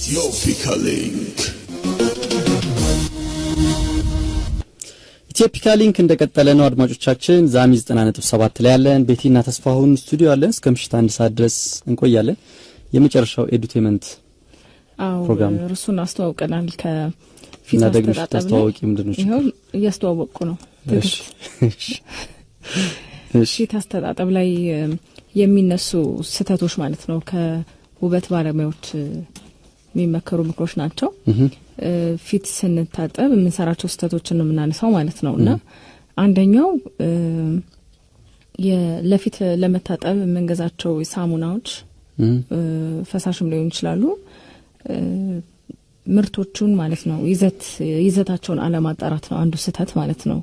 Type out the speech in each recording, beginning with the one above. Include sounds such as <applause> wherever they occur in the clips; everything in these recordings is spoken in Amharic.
ኢትዮፒካ ሊንክ ኢትዮፒካ ሊንክ እንደቀጠለ ነው። አድማጮቻችን ዛሚ 97 ላይ ያለን ቤቲና ተስፋሁን ስቱዲዮ አለን። እስከ ምሽት አንድ ሰዓት ድረስ እንቆያለን። የመጨረሻው ኤዱቴመንት ፕሮግራም እርሱን አስተዋውቀናል። ከፊት ደግሞ ታስተዋወቂ ምንድን እያስተዋወቅኩ ነው። ፊት አስተጣጠብ ላይ የሚነሱ ስህተቶች ማለት ነው ከውበት ባለሙያዎች የሚመከሩ ምክሮች ናቸው። ፊት ስንታጠብ የምንሰራቸው ስህተቶችን የምናነሳው ማለት ነው እና አንደኛው ለፊት ለመታጠብ የምንገዛቸው ሳሙናዎች ፈሳሽም ሊሆኑ ይችላሉ ምርቶቹን ማለት ነው ይዘት ይዘታቸውን አለማጣራት ነው አንዱ ስህተት ማለት ነው።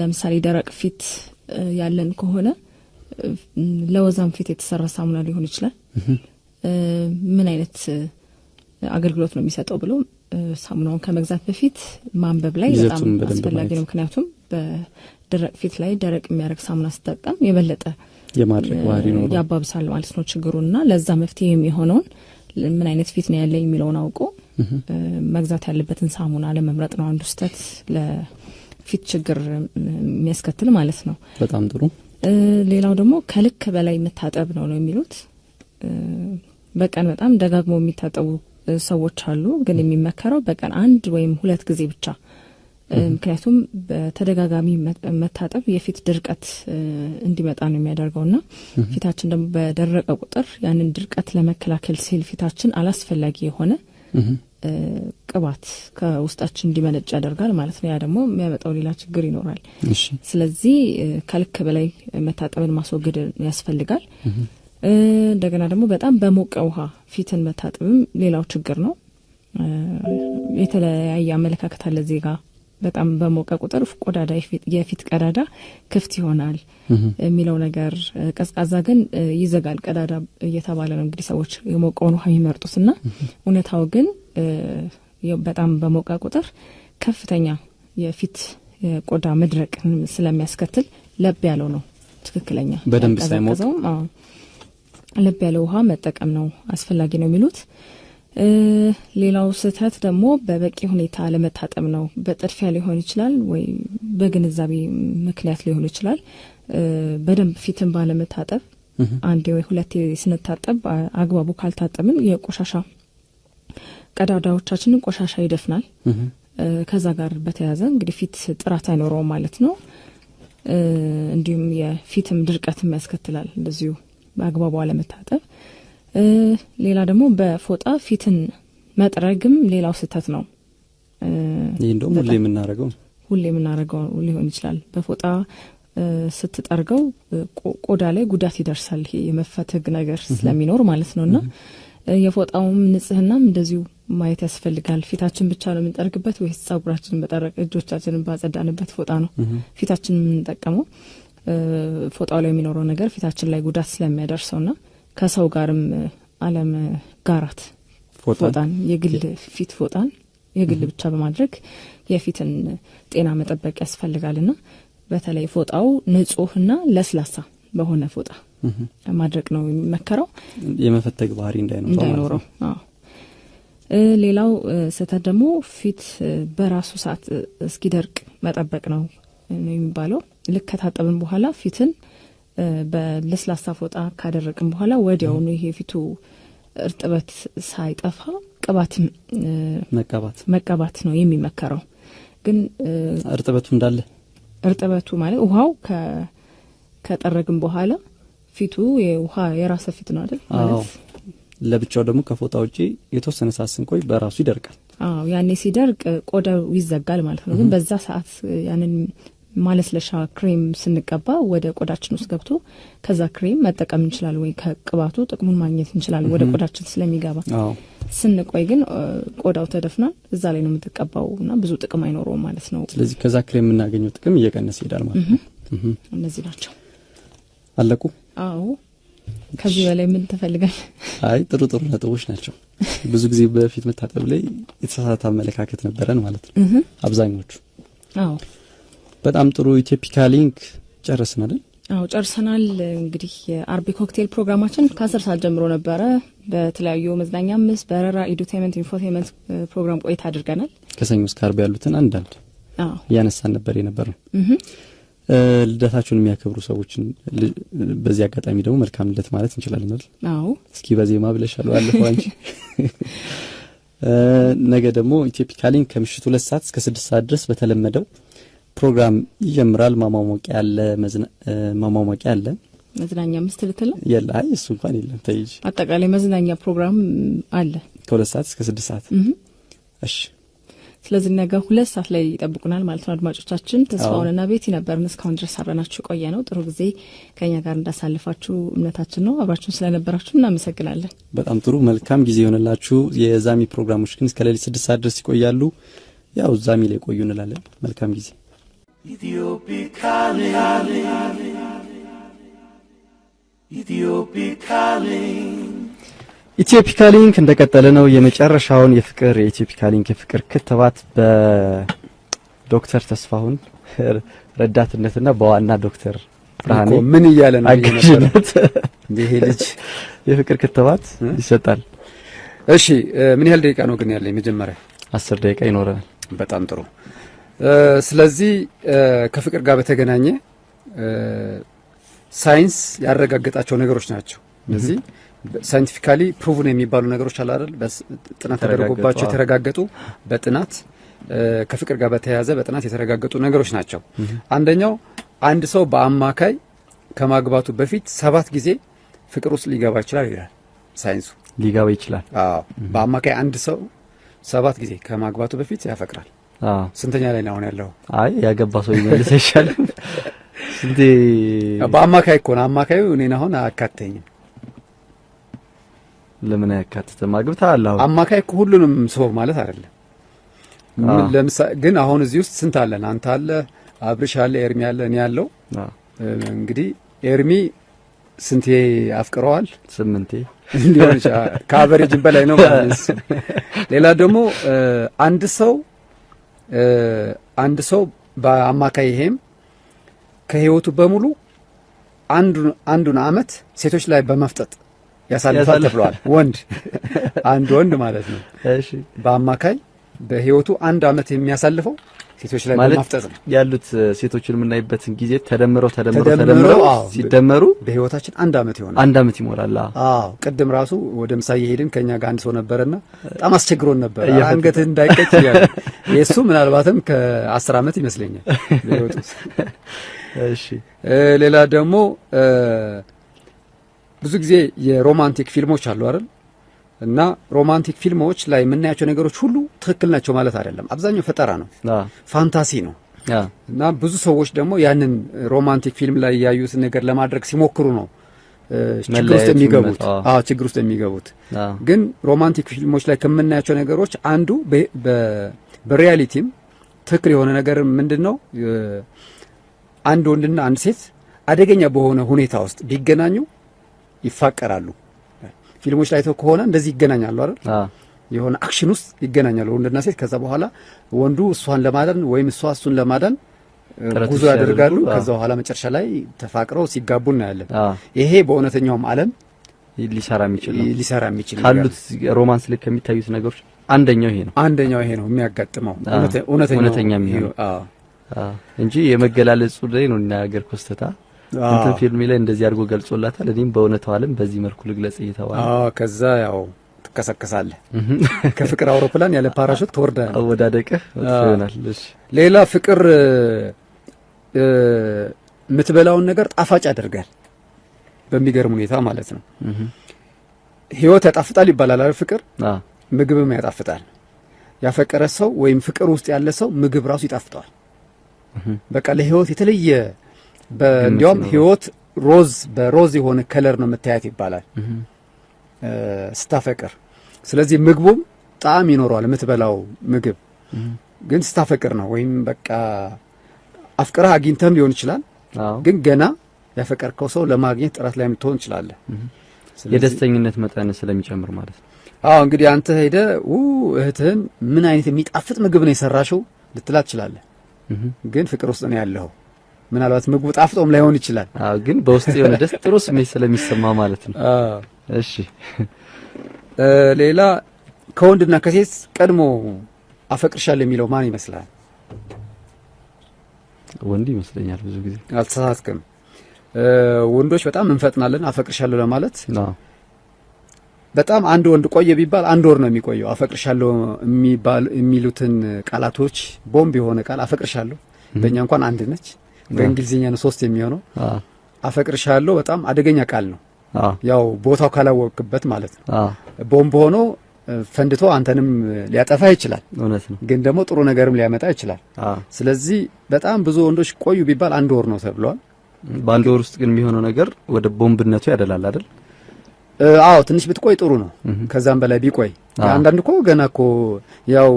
ለምሳሌ ደረቅ ፊት ያለን ከሆነ ለወዛም ፊት የተሰራ ሳሙና ሊሆን ይችላል ምን አይነት አገልግሎት ነው የሚሰጠው ብሎ ሳሙናውን ከመግዛት በፊት ማንበብ ላይ በጣም አስፈላጊ ነው። ምክንያቱም በደረቅ ፊት ላይ ደረቅ የሚያደርግ ሳሙና ስጠቀም የበለጠ የማድረግ ባህሪ ነው ያባብሳል ማለት ነው ችግሩና ለዛ መፍትሄ የሚሆነውን ምን አይነት ፊት ነው ያለኝ የሚለውን አውቆ መግዛት ያለበትን ሳሙና ለመምረጥ ነው አንዱ ስህተት ለፊት ችግር የሚያስከትል ማለት ነው። በጣም ጥሩ። ሌላው ደግሞ ከልክ በላይ መታጠብ ነው ነው የሚሉት በቀን በጣም ደጋግሞ የሚታጠቡ ሰዎች አሉ። ግን የሚመከረው በቀን አንድ ወይም ሁለት ጊዜ ብቻ። ምክንያቱም በተደጋጋሚ መታጠብ የፊት ድርቀት እንዲመጣ ነው የሚያደርገው እና ፊታችን ደግሞ በደረቀ ቁጥር ያንን ድርቀት ለመከላከል ሲል ፊታችን አላስፈላጊ የሆነ ቅባት ከውስጣችን እንዲመነጭ ያደርጋል ማለት ነው። ያ ደግሞ የሚያመጣው ሌላ ችግር ይኖራል። ስለዚህ ከልክ በላይ መታጠብን ማስወገድ ያስፈልጋል። እንደገና ደግሞ በጣም በሞቀ ውሃ ፊትን መታጠብም ሌላው ችግር ነው። የተለያየ አመለካከት አለ እዚህ በጣም በሞቀ ቁጥር ቆዳዳ የፊት ቀዳዳ ክፍት ይሆናል የሚለው ነገር፣ ቀዝቃዛ ግን ይዘጋል ቀዳዳ እየተባለ ነው እንግዲህ ሰዎች የሞቀውን ውሃ የሚመርጡት እና እውነታው ግን በጣም በሞቀ ቁጥር ከፍተኛ የፊት ቆዳ መድረቅ ስለሚያስከትል ለብ ያለው ነው ትክክለኛ በደንብ ሳይሞቅ ለብ ያለ ውሃ መጠቀም ነው አስፈላጊ ነው የሚሉት። ሌላው ስህተት ደግሞ በበቂ ሁኔታ አለመታጠብ ነው። በጥድፊያ ሊሆን ይችላል ወይ በግንዛቤ ምክንያት ሊሆን ይችላል። በደንብ ፊትን ባለመታጠብ አንዴ ወይ ሁለቴ ስንታጠብ አግባቡ ካልታጠብን የቆሻሻ ቀዳዳዎቻችንን ቆሻሻ ይደፍናል። ከዛ ጋር በተያያዘ እንግዲህ ፊት ጥራት አይኖረውም ማለት ነው። እንዲሁም የፊትም ድርቀትም ያስከትላል እንደዚሁ በአግባቡ አለመታጠብ፣ ሌላ ደግሞ በፎጣ ፊትን መጥረግም ሌላው ስህተት ነው። ይህ እንደውም ሁሌ የምናረገው ሁሌ የምናረገው ሊሆን ይችላል። በፎጣ ስትጠርገው ቆዳ ላይ ጉዳት ይደርሳል። ይሄ የመፈተግ ነገር ስለሚኖር ማለት ነው እና የፎጣውም ንጽህናም እንደዚሁ ማየት ያስፈልጋል። ፊታችን ብቻ ነው የምንጠርግበት ወይስ ጸጉራችንን በጠረቅ እጆቻችንን ባጸዳንበት ፎጣ ነው ፊታችን የምንጠቀመው? ፎጣው ላይ የሚኖረው ነገር ፊታችን ላይ ጉዳት ስለሚያደርሰው ና ከሰው ጋርም አለም ጋራት ፎጣን የግል ፊት ፎጣን የግል ብቻ በማድረግ የፊትን ጤና መጠበቅ ያስፈልጋል ና በተለይ ፎጣው ንጹህና ለስላሳ በሆነ ፎጣ ማድረግ ነው የሚመከረው። የመፈተግ ባህሪ እንዳይኖረው። ሌላው ስህተት ደግሞ ፊት በራሱ ሰዓት እስኪደርቅ መጠበቅ ነው። ነው የሚባለው። ልክ ከታጠብን በኋላ ፊትን በለስላሳ ፎጣ ካደረቅን በኋላ ወዲያውኑ ይሄ ፊቱ እርጥበት ሳይጠፋ ቅባትን መቀባት መቀባት ነው የሚመከረው። ግን እርጥበቱ እንዳለ እርጥበቱ ማለት ውሃው ከጠረግን በኋላ ፊቱ ውሃ የራሰ ፊት ነው አይደል? ማለት ለብቻው ደግሞ ከፎጣ ውጪ የተወሰነ ሰዓት ስንቆይ በራሱ ይደርቃል። አዎ ያኔ ሲደርቅ ቆዳው ይዘጋል ማለት ነው። ግን በዛ ሰዓት ያንን ማለስለሻ ክሬም ስንቀባ ወደ ቆዳችን ውስጥ ገብቶ ከዛ ክሬም መጠቀም እንችላለን ወይ ከቅባቱ ጥቅሙን ማግኘት እንችላለን ወደ ቆዳችን ስለሚገባ። ስንቆይ ግን ቆዳው ተደፍናል እዛ ላይ ነው የምትቀባው እና ብዙ ጥቅም አይኖረውም ማለት ነው። ስለዚህ ከዛ ክሬም የምናገኘው ጥቅም እየቀነሰ ይሄዳል ማለት ነው። እነዚህ ናቸው አለቁ። አዎ ከዚህ በላይ ምን ትፈልጋል? አይ ጥሩ ጥሩ ነጥቦች ናቸው። ብዙ ጊዜ በፊት መታጠብ ላይ የተሳሳተ አመለካከት ነበረን ማለት ነው አብዛኞቹ። አዎ በጣም ጥሩ ኢትዮፒካ ሊንክ ጨረስን አይደል? አዎ ጨርሰናል። እንግዲህ የአርቢ ኮክቴል ፕሮግራማችን ከአስር ሰዓት ጀምሮ ነበረ። በተለያዩ መዝናኛ ምስ በረራ፣ ኢዱቴመንት፣ ኢንፎቴመንት ፕሮግራም ቆይታ አድርገናል። ከሰኞ እስከ አርብ ያሉትን አንዳንድ እያነሳን ነበር የነበረው። ልደታችሁን የሚያከብሩ ሰዎችን በዚህ አጋጣሚ ደግሞ መልካም ልደት ማለት እንችላለን አይደል? አዎ እስኪ በዜማ ብለሻለሁ አለፈው አንቺ <laughs> ነገ ደግሞ ኢትዮፒካ ሊንክ ከምሽቱ ሁለት ሰዓት እስከ ስድስት ሰዓት ድረስ በተለመደው ፕሮግራም ይጀምራል። ማሟሟቂያ አለ፣ ማሟሟቂያ አለ። መዝናኛ ምስት ልትል የለ? አይ እሱ እንኳን የለም ተይጅ አጠቃላይ መዝናኛ ፕሮግራም አለ ከሁለት ሰዓት እስከ ስድስት ሰዓት። እሺ ስለዚህ ነገ ሁለት ሰዓት ላይ ይጠብቁናል ማለት ነው። አድማጮቻችን ተስፋውንና ቤቲ ነበርን እስካሁን ድረስ አብረናችሁ ቆየ ነው። ጥሩ ጊዜ ከኛ ጋር እንዳሳልፋችሁ እምነታችን ነው። አብራችሁን ስለነበራችሁ እናመሰግናለን። በጣም ጥሩ መልካም ጊዜ የሆነላችሁ የዛሚ ፕሮግራሞች ግን እስከ ሌሊት ስድስት ሰዓት ድረስ ይቆያሉ። ያው ዛሚ ላይ ቆዩ እንላለን። መልካም ጊዜ ኢትዮፒካ ሊንክ እንደቀጠለ ነው። የመጨረሻውን የፍቅር የኢትዮፒካ ሊንክ የፍቅር ክትባት በዶክተር ተስፋሁን ረዳትነትና በዋና ዶክተር ብርሃኔ ምን እያለ ነው አጋዥነት ይሄ ልጅ <laughs> የፍቅር ክትባት ይሰጣል። እሺ ምን ያህል ደቂቃ ነው ግን ያለ? መጀመሪያ አስር ደቂቃ ይኖረናል። በጣም ጥሩ ስለዚህ ከፍቅር ጋር በተገናኘ ሳይንስ ያረጋገጣቸው ነገሮች ናቸው እነዚህ ሳይንቲፊካሊ ፕሩቭን የሚባሉ ነገሮች አሉ አይደል? ጥናት ተደረጎባቸው የተረጋገጡ በጥናት ከፍቅር ጋር በተያያዘ በጥናት የተረጋገጡ ነገሮች ናቸው። አንደኛው አንድ ሰው በአማካይ ከማግባቱ በፊት ሰባት ጊዜ ፍቅር ውስጥ ሊገባ ይችላል ይላል ሳይንሱ። ሊገባ ይችላል። አዎ፣ በአማካይ አንድ ሰው ሰባት ጊዜ ከማግባቱ በፊት ያፈቅራል። ስንተኛ ላይ ነው አሁን ያለው? አይ ያገባ ሰው ይመልስ አይሻልም? ስንቴ በአማካይ እኮ ነው። አማካዩ እኔን አሁን አያካተኝም። ለምን አያካትትም? አግብተሃል። አሁን አማካይ እኮ ሁሉንም ስበው ማለት አይደለም። ለምሳሌ ግን አሁን እዚህ ውስጥ ስንት አለን? አንተ አለ፣ አብርሽ አለ፣ ኤርሚ አለ፣ እኔ ያለው እንግዲህ ኤርሚ ስንቴ አፍቅረዋል? ስምንቴ ሊሆን ከአበሬጅን በላይ ነው። <laughs> ሌላ ደግሞ አንድ ሰው አንድ ሰው በአማካይ ይሄም ከህይወቱ በሙሉ አንዱን አመት ሴቶች ላይ በመፍጠጥ ያሳልፋል ተብለዋል። ወንድ አንድ ወንድ ማለት ነው። በአማካይ በህይወቱ አንድ አመት የሚያሳልፈው ሴቶች ላይ በማፍጠጥ ያሉት። ሴቶችን የምናይበትን ጊዜ ተደምረው ተደምረው ተደምረው ሲደመሩ በህይወታችን አንድ አመት ይሆናል፣ አንድ አመት ይሞላል። አዎ ቅድም ራሱ ወደ ምሳ እየሄድን ከኛ ጋር አንድ ሰው ነበረና በጣም አስቸግሮን ነበር፣ አንገትህ እንዳይቀጭ እያለ የእሱ ምናልባትም ከአስር አመት ይመስለኛል። <laughs> እሺ ሌላ ደግሞ ብዙ ጊዜ የሮማንቲክ ፊልሞች አሉ አይደል? እና ሮማንቲክ ፊልሞች ላይ የምናያቸው ነገሮች ሁሉ ትክክል ናቸው ማለት አይደለም። አብዛኛው ፈጠራ ነው፣ ፋንታሲ ነው። እና ብዙ ሰዎች ደግሞ ያንን ሮማንቲክ ፊልም ላይ ያዩት ነገር ለማድረግ ሲሞክሩ ነው ችግር ውስጥ የሚገቡት። አዎ ችግር ውስጥ የሚገቡት ግን ሮማንቲክ ፊልሞች ላይ ከምናያቸው ነገሮች አንዱ በሪያሊቲም ትክክል የሆነ ነገር ምንድን ነው አንድ ወንድና አንድ ሴት አደገኛ በሆነ ሁኔታ ውስጥ ቢገናኙ ይፋቀራሉ። ፊልሞች ላይ ከሆነ እንደዚህ ይገናኛሉ አይደል? የሆነ አክሽን ውስጥ ይገናኛሉ ወንድና ሴት። ከዛ በኋላ ወንዱ እሷን ለማዳን ወይም እሷ እሱን ለማዳን ጉዞ ያደርጋሉ። ከዛ በኋላ መጨረሻ ላይ ተፋቅረው ሲጋቡ እናያለን። ይሄ በእውነተኛውም ዓለም ሊሰራ የሚችል ነው። ሊሰራ የሚችል ካሉት ሮማንስ ልክ ከሚታዩት ነገሮች አንደኛው ይሄ ነው። አንደኛው ይሄ ነው የሚያጋጥመው እውነተኛ የሚሆነው እንጂ የመገላለጹ ላይ ነው እናገር ኮስተታ እንትን ፊልሚ ላይ እንደዚህ አድርጎ ገልጾላታል። እኔም በእውነታው ዓለም በዚህ መልኩ ልግለጽ እየተባለ ከዛ ያው ትከሰከሳለህ። <laughs> ከፍቅር አውሮፕላን ያለ ፓራሹት ትወርዳለህ። አወዳደቅህ ይሆናል። ሌላ ፍቅር የምትበላውን ነገር ጣፋጭ ያደርጋል። በሚገርም ሁኔታ ማለት ነው። ህይወት ያጣፍጣል ይባላል አይደል? ፍቅር ምግብም ያጣፍጣል። ያፈቀረ ሰው ወይም ፍቅር ውስጥ ያለ ሰው ምግብ ራሱ ይጣፍጠዋል። በቃ ለህይወት የተለየ እንዲያውም ህይወት ሮዝ በሮዝ የሆነ ከለር ነው የምታያት ይባላል ስታፈቅር። ስለዚህ ምግቡም ጣዕም ይኖረዋል። የምትበላው ምግብ ግን ስታፈቅር ነው። ወይም በቃ አፍቅረህ አግኝተህም ሊሆን ይችላል። ግን ገና ያፈቀርከው ሰው ለማግኘት ጥረት ላይ ልትሆን ትችላለህ። የደስተኝነት መጠን ስለሚጨምር ማለት ነው። አዎ እንግዲህ አንተ ሄደህ እህትህን ምን አይነት የሚጣፍጥ ምግብ ነው የሰራሽው ልትላት ትችላለህ። ግን ፍቅር ውስጥ ነው ያለኸው ምናልባት ምግቡ ጣፍጦም ላይሆን ይችላል። አዎ፣ ግን በውስጥ የሆነ ደስ ጥሩ ስሜት ስለሚሰማ ማለት ነው። እሺ፣ ሌላ ከወንድና ከሴት ቀድሞ አፈቅርሻለሁ የሚለው ማን ይመስላል? ወንድ ይመስለኛል። ብዙ ጊዜ አልተሳሳትክም። ወንዶች በጣም እንፈጥናለን አፈቅርሻለሁ ለማለት በጣም አንድ ወንድ ቆየ ቢባል አንድ ወር ነው የሚቆየው። አፈቅርሻለሁ የሚባል የሚሉትን ቃላቶች ቦምብ የሆነ ቃል አፈቅርሻለሁ በእኛ እንኳን አንድ ነች። በእንግሊዝኛ ነው ሶስት የሚሆነው። አፈቅርሻለሁ በጣም አደገኛ ቃል ነው። ያው ቦታው ካላወቅበት ማለት ነው። ቦምብ ሆኖ ፈንድቶ አንተንም ሊያጠፋ ይችላል። ግን ደግሞ ጥሩ ነገርም ሊያመጣ ይችላል። ስለዚህ በጣም ብዙ ወንዶች ቆዩ ቢባል አንድ ወር ነው ተብሏል። በአንድ ወር ውስጥ ግን የሚሆነው ነገር ወደ ቦምብነቱ ያደላል አይደል? አዎ ትንሽ ብትቆይ ጥሩ ነው። ከዛም በላይ ቢቆይ አንዳንድ እኮ ገና እኮ ያው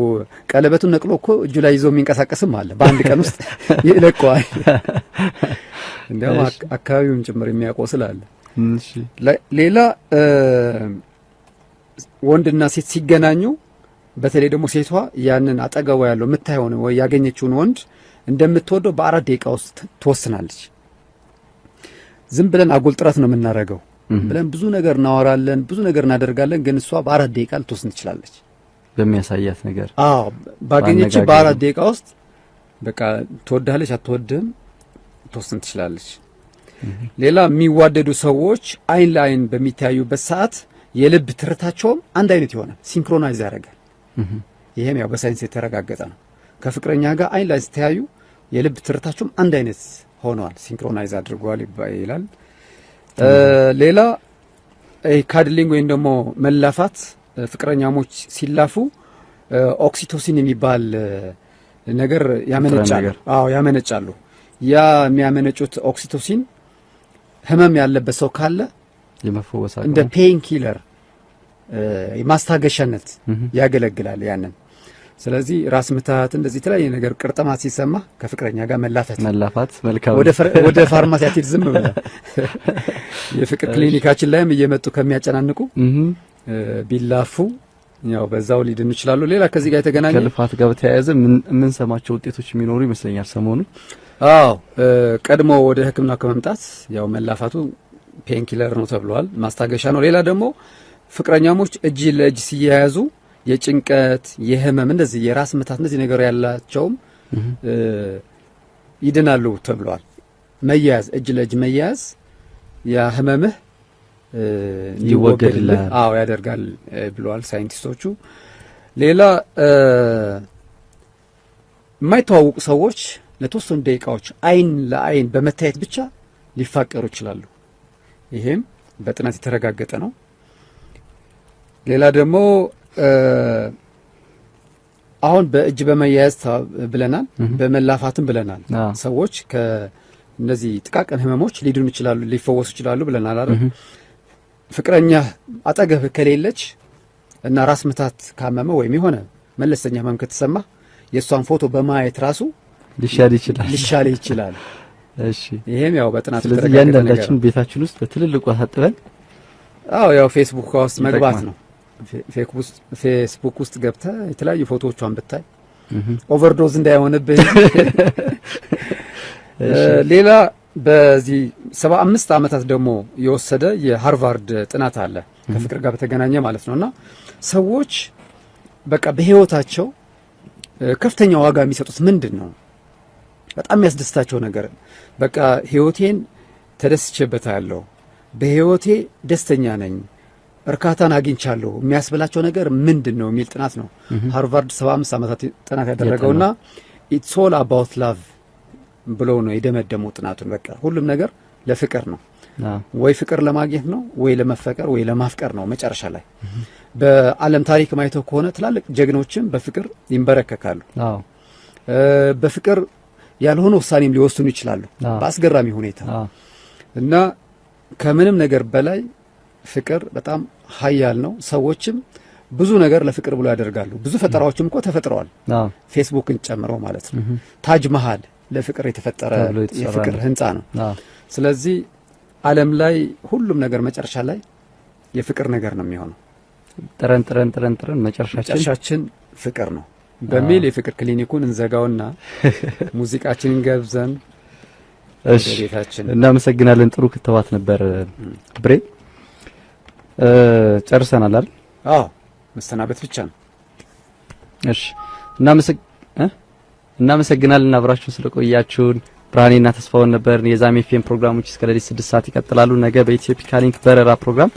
ቀለበቱን ነቅሎ እኮ እጁ ላይ ይዞ የሚንቀሳቀስም አለ። በአንድ ቀን ውስጥ <laughs> ይለቀዋል። <laughs> እንዲያውም አካባቢውም ጭምር የሚያውቀው ስላለ። ሌላ ወንድና ሴት ሲገናኙ በተለይ ደግሞ ሴቷ ያንን አጠገቧ ያለው የምታየውን ወይ ያገኘችውን ወንድ እንደምትወደው በአራት ደቂቃ ውስጥ ትወስናለች። ዝም ብለን አጉል ጥረት ነው የምናደርገው ብለን ብዙ ነገር እናወራለን፣ ብዙ ነገር እናደርጋለን። ግን እሷ በአራት ደቂቃ ልትወስን ትችላለች። በሚያሳያት ነገር አዎ፣ ባገኘች በአራት ደቂቃ ውስጥ በቃ ትወዳለች አትወድም ትወስን ትችላለች። ሌላ የሚዋደዱ ሰዎች አይን ለአይን በሚተያዩበት ሰዓት የልብ ትርታቸውም አንድ አይነት የሆነ ሲንክሮናይዝ ያደርጋል። ይሄም ያው በሳይንስ የተረጋገጠ ነው። ከፍቅረኛ ጋር አይን ላይ ሲተያዩ የልብ ትርታቸውም አንድ አይነት ሆነዋል፣ ሲንክሮናይዝ አድርገዋል ይላል። ሌላ ካድሊንግ ወይም ደግሞ መላፋት ፍቅረኛሞች ሲላፉ ኦክሲቶሲን የሚባል ነገር ያመነጫሉ። ያመነጫሉ። ያ የሚያመነጩት ኦክሲቶሲን ህመም ያለበት ሰው ካለ እንደ ፔን ኪለር ማስታገሻነት ያገለግላል ያንን ስለዚህ ራስ ምታት እንደዚህ የተለያየ ነገር ቅርጥማት ሲሰማ ከፍቅረኛ ጋር መላፈት መላፋት መልካም። ወደ ፋርማሲ ዝም ብለ <laughs> የፍቅር ክሊኒካችን ላይም እየመጡ ከሚያጨናንቁ ቢላፉ ያው በዛው ሊድ እንችላሉ። ሌላ ከዚህ ጋር የተገናኘ ከልፋት ጋር በተያያዘ የምንሰማቸው ውጤቶች የሚኖሩ ይመስለኛል ሰሞኑ። አዎ ቀድሞ ወደ ሕክምና ከመምጣት ያው መላፋቱ ፔንኪለር ነው ተብሏል፣ ማስታገሻ ነው። ሌላ ደግሞ ፍቅረኛሞች እጅ ለእጅ ሲያያዙ የጭንቀት የህመም እንደዚህ የራስ ምታት እንደዚህ ነገር ያላቸውም ይድናሉ ተብሏል። መያያዝ እጅ ለእጅ መያያዝ ያ ህመምህ ይወገድልህ፣ አዎ ያደርጋል ብለዋል ሳይንቲስቶቹ። ሌላ የማይተዋወቁ ሰዎች ለተወሰኑ ደቂቃዎች አይን ለአይን በመታየት ብቻ ሊፋቀሩ ይችላሉ። ይሄም በጥናት የተረጋገጠ ነው። ሌላ ደግሞ አሁን በእጅ በመያያዝ ብለናል፣ በመላፋትም ብለናል። ሰዎች ከእነዚህ ጥቃቅን ህመሞች ሊድኑ ይችላሉ፣ ሊፈወሱ ይችላሉ ብለናል አይደል? ፍቅረኛ አጠገብ ከሌለች እና ራስ ምታት ካመመ ወይም የሆነ መለስተኛ ህመም ከተሰማ የእሷን ፎቶ በማየት ራሱ ሊሻል ይችላል ሊሻል ይችላል። <laughs> እሺ፣ ይሄም ያው በጥናት ስለዚህ እያንዳንዳችን ቤታችን ውስጥ በትልልቁ አሳጥበን አዎ፣ ያው ፌስቡክ ውስጥ መግባት ነው። ፌስቡክ ውስጥ ገብተ የተለያዩ ፎቶዎቿን ብታይ ኦቨርዶዝ እንዳይሆንብህ። ሌላ በዚህ ሰባ አምስት ዓመታት ደግሞ የወሰደ የሃርቫርድ ጥናት አለ ከፍቅር ጋር በተገናኘ ማለት ነው እና ሰዎች በቃ በህይወታቸው ከፍተኛ ዋጋ የሚሰጡት ምንድን ነው? በጣም የሚያስደስታቸው ነገር በቃ ህይወቴን ተደስቼበታለሁ፣ በህይወቴ ደስተኛ ነኝ እርካታን አግኝቻለሁ የሚያስብላቸው ነገር ምንድን ነው የሚል ጥናት ነው ሃርቫርድ 75 ዓመታት ጥናት ያደረገውና ኢትስ ኦል አባውት ላቭ ብሎ ነው የደመደመው ጥናቱን። በቃ ሁሉም ነገር ለፍቅር ነው ወይ ፍቅር ለማግኘት ነው ወይ ለመፈቀር ወይ ለማፍቀር ነው። መጨረሻ ላይ በአለም ታሪክ ማየተው ከሆነ ትላልቅ ጀግኖችም በፍቅር ይንበረከካሉ። በፍቅር ያልሆነ ውሳኔም ሊወስኑ ይችላሉ በአስገራሚ ሁኔታ እና ከምንም ነገር በላይ ፍቅር በጣም ሀያል ነው። ሰዎችም ብዙ ነገር ለፍቅር ብሎ ያደርጋሉ። ብዙ ፈጠራዎችም እኮ ተፈጥረዋል፣ ፌስቡክን ጨምሮ ማለት ነው። ታጅ መሀል ለፍቅር የተፈጠረ የፍቅር ህንፃ ነው። ስለዚህ ዓለም ላይ ሁሉም ነገር መጨረሻ ላይ የፍቅር ነገር ነው የሚሆነው። ጥረን ጥረን ጥረን ጥረን መጨረሻችን ፍቅር ነው በሚል የፍቅር ክሊኒኩን እንዘጋውና <laughs> ሙዚቃችንን ገብዘን ቤታችን እናመሰግናለን። ጥሩ ክትባት ነበር ብሬ ጨርሰናል አይደል? አዎ መሰናበት ብቻ ነው። እሺ እናመሰግናለን አብራችሁን ስለቆያችሁን። ብርሃኔና ተስፋውን ነበርን። የዛሜ ኤፍኤም ፕሮግራሞች እስከ ሌሊት ስድስት ሰዓት ይቀጥላሉ። ነገ በኢትዮፒካ ሊንክ በረራ ፕሮግራም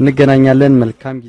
እንገናኛለን። መልካም ጊዜ